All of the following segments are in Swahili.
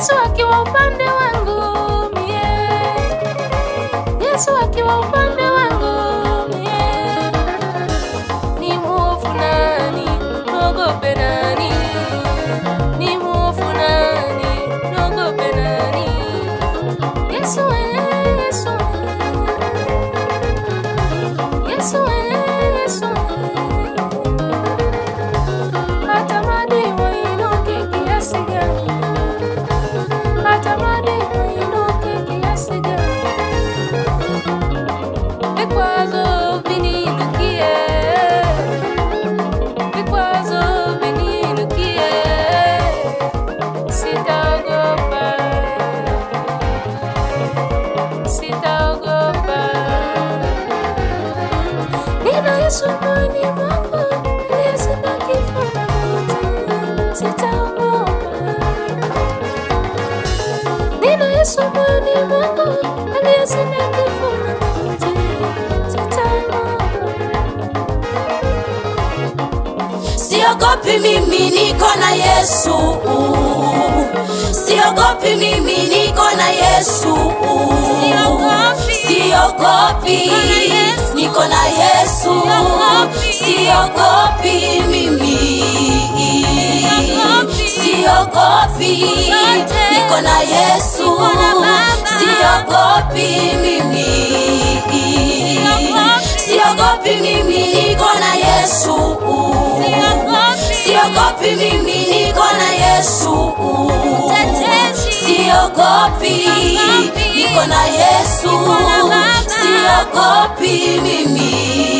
Yesu akiwa upande wangu mie, Yesu akiwa upande Siogopi mimi niko na Yesu. Siogopi mimi niko na Yesu. Siogopi. Siogopi. Niko na Yesu. Yesu, siogopi mimi, siogopi, niko na Yesu, siogopi mimi, siogopi mimi, niko na Yesu, siogopi mimi, niko na Yesu, siogopi, niko na Yesu, siogopi mimi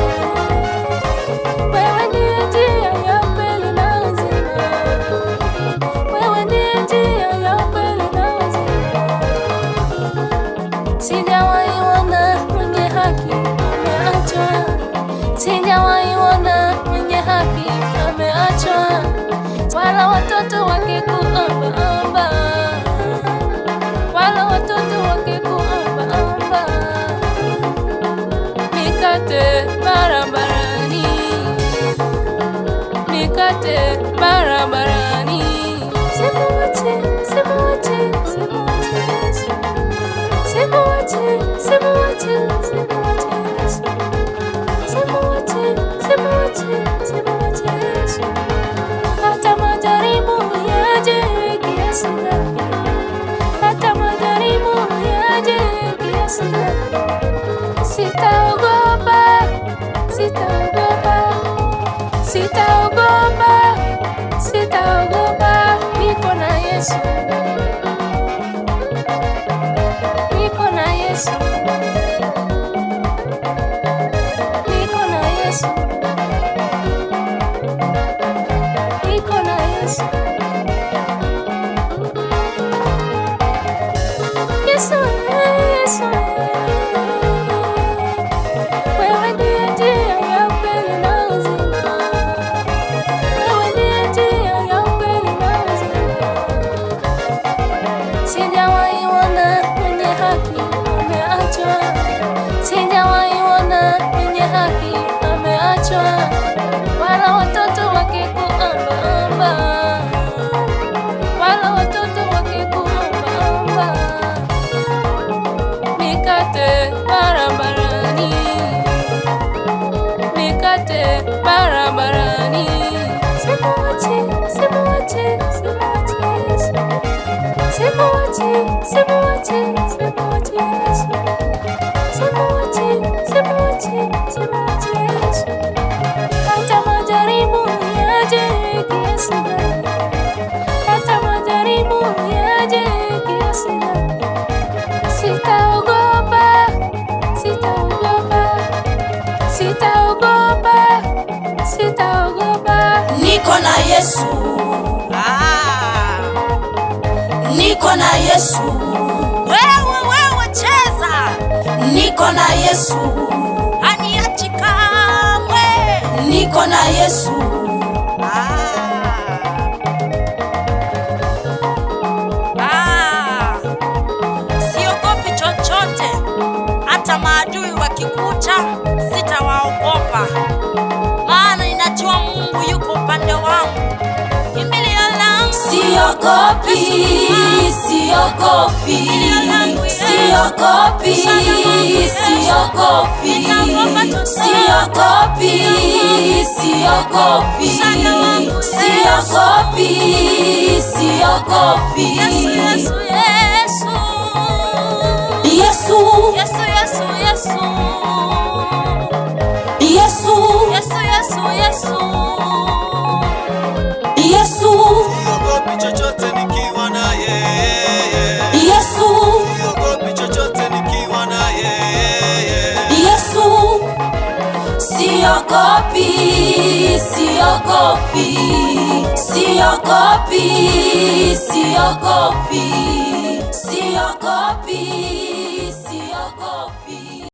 Sijawahi mwenye haki ameachwa, sijawahi mwenye haki ameachwa, wala watoto wake kuomba sitaogopa, niko na Yesu, niko na Yesu, niko na Yesu, niko na Yesu. Sitaogopa, sitaogopa, niko na Yesu. Niko na Yesu. Wewe wewe cheza. Niko na Yesu. Aniachi kamwe. Niko na Yesu. Ah. Ah. maadui sitawaogopa. Maana ninajua Mungu yuko upande wangu. langu. Siogopi siogopi, siogopi, siogopi, siogopi, siogopi, siogopi, siogopi. Siogopi, siogopi, siogopi, siogopi, siogopi.